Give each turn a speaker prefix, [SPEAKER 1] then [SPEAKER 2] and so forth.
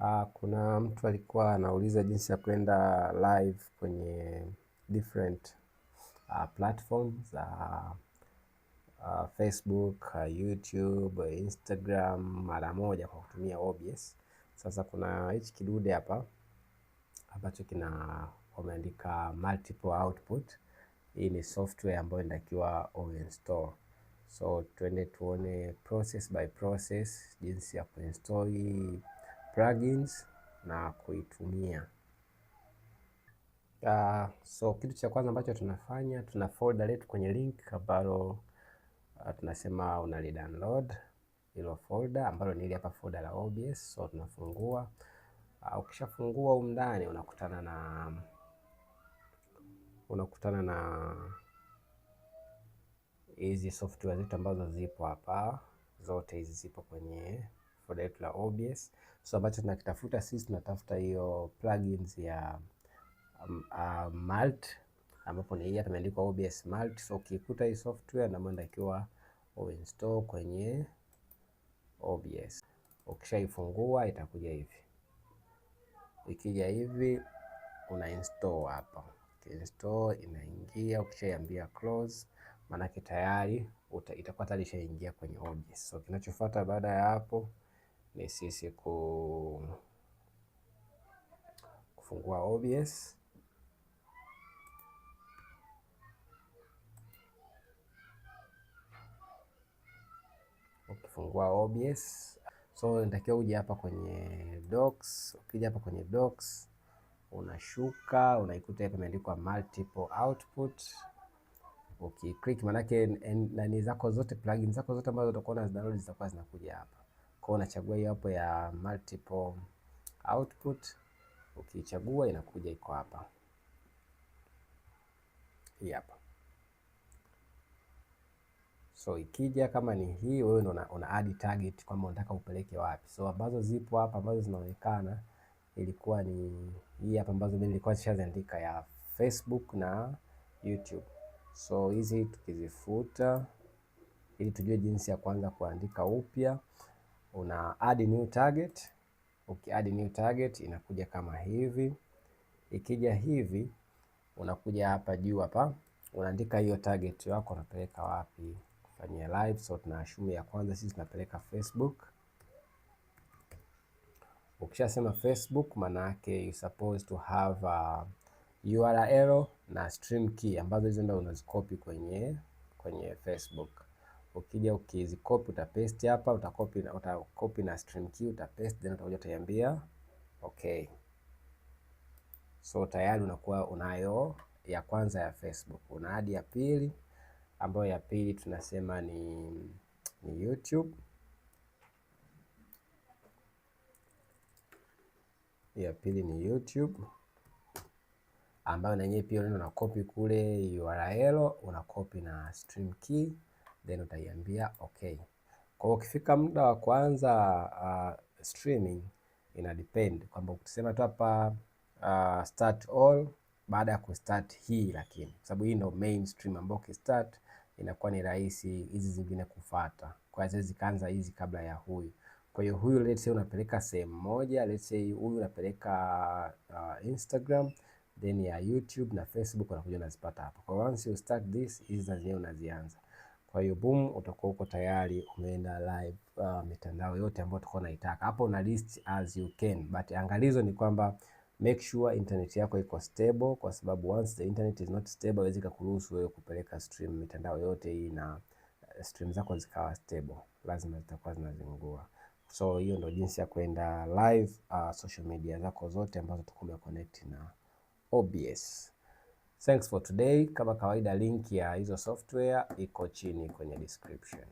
[SPEAKER 1] Uh, kuna mtu alikuwa anauliza jinsi ya kwenda live kwenye different uh, platforms uh, uh, Facebook, uh, YouTube, uh, Instagram mara moja kwa kutumia OBS. Sasa kuna hichi kidude hapa ambacho kina wameandika multiple output. Hii ni software ambayo inatakiwa uinstall. So twende tuone process by process jinsi ya kuinstall hii plugins na kuitumia. Uh, so kitu cha kwanza ambacho tunafanya tuna folder letu kwenye link ambalo uh, tunasema unali download hilo folder ambalo ni ile hapa folder la OBS. So tunafungua uh, ukishafungua huko ndani unakutana na unakutana na hizi software zetu ambazo zipo hapa, zote hizi zipo kwenye for the la OBS. So ambacho tunakitafuta sisi tunatafuta hiyo plugins ya um, uh, Malt ambapo ni hii hapa imeandikwa OBS Malt. So ukikuta hii software na maana ikiwa uinstall kwenye OBS, ukishaifungua itakuja hivi. Ikija hivi una install hapa, ukiinstall inaingia, ukishaiambia close maanake tayari itakuwa tayari ishaingia kwenye OBS. So kinachofuata baada ya hapo ni sisi ku kufungua OBS ukifungua OBS so natakiwa uje hapa kwenye docs. Ukija hapa kwenye docs, unashuka unaikuta hapa imeandikwa multiple output. Ukiklik manake nani zako zote plugin zako zote ambazo utakuwa na download zitakuwa zinakuja hapa. Kwa unachagua hiyo hapo ya multiple output, ukichagua inakuja iko hapa, hii hapa. So ikija kama ni hii, wewe ndo una add target kwamba unataka upeleke wapi. So ambazo zipo hapa ambazo zinaonekana ilikuwa ni hii hapa, ambazo mimi nilikuwa nishaziandika ya Facebook na YouTube. So hizi tukizifuta ili tujue jinsi ya kuanza kuandika upya una add new target. Uki add new target inakuja kama hivi. Ikija hivi, unakuja hapa juu hapa unaandika hiyo target yako unapeleka wapi kufanyia live. So tuna assume ya kwanza sisi tunapeleka Facebook. Ukishasema Facebook, maana yake you supposed to have a URL na stream key ambazo hizo ndio unazikopi kwenye kwenye Facebook ukija ukizikopi utapaste hapa, utakopi utakopi na stream key utapaste, then utakuja utaiambia okay. So tayari unakuwa unayo ya kwanza ya Facebook, una hadi ya pili ambayo ya pili tunasema ni, ni YouTube ya pili ni YouTube ambayo na yenyewe pia unaenda una copy kule URL una copy na stream key then utaiambia okay. Kwa hiyo ukifika muda wa kwanza uh, streaming ina depend kwamba ukisema tu hapa uh, start all baada ya kustart hii, lakini sababu hii ndio main stream ambayo ukistart inakuwa ni rahisi hizi zingine kufuata, kwa hiyo zikaanza hizi kabla ya huyu. Kwa hiyo huyu let's say unapeleka sehemu moja, let's say huyu unapeleka uh, Instagram then ya YouTube na Facebook unakuja unazipata hapa. Kwa once you start this hizi zingine unazianza kwa hiyo boom, utakuwa uko tayari umeenda live uh, mitandao yote ambayo tulikuwa unaitaka. Hapo una list as you can, but angalizo ni kwamba make sure internet yako iko stable, kwa sababu once the internet is not stable haiwezi kukuruhusu wewe kupeleka stream mitandao yote hii na uh, stream zako zikawa stable, lazima zitakuwa zinazingua. So hiyo ndio jinsi ya kwenda live uh, social media zako zote ambazo tukume connect na OBS. Thanks for today. Kama kawaida, link ya hizo software iko chini kwenye description.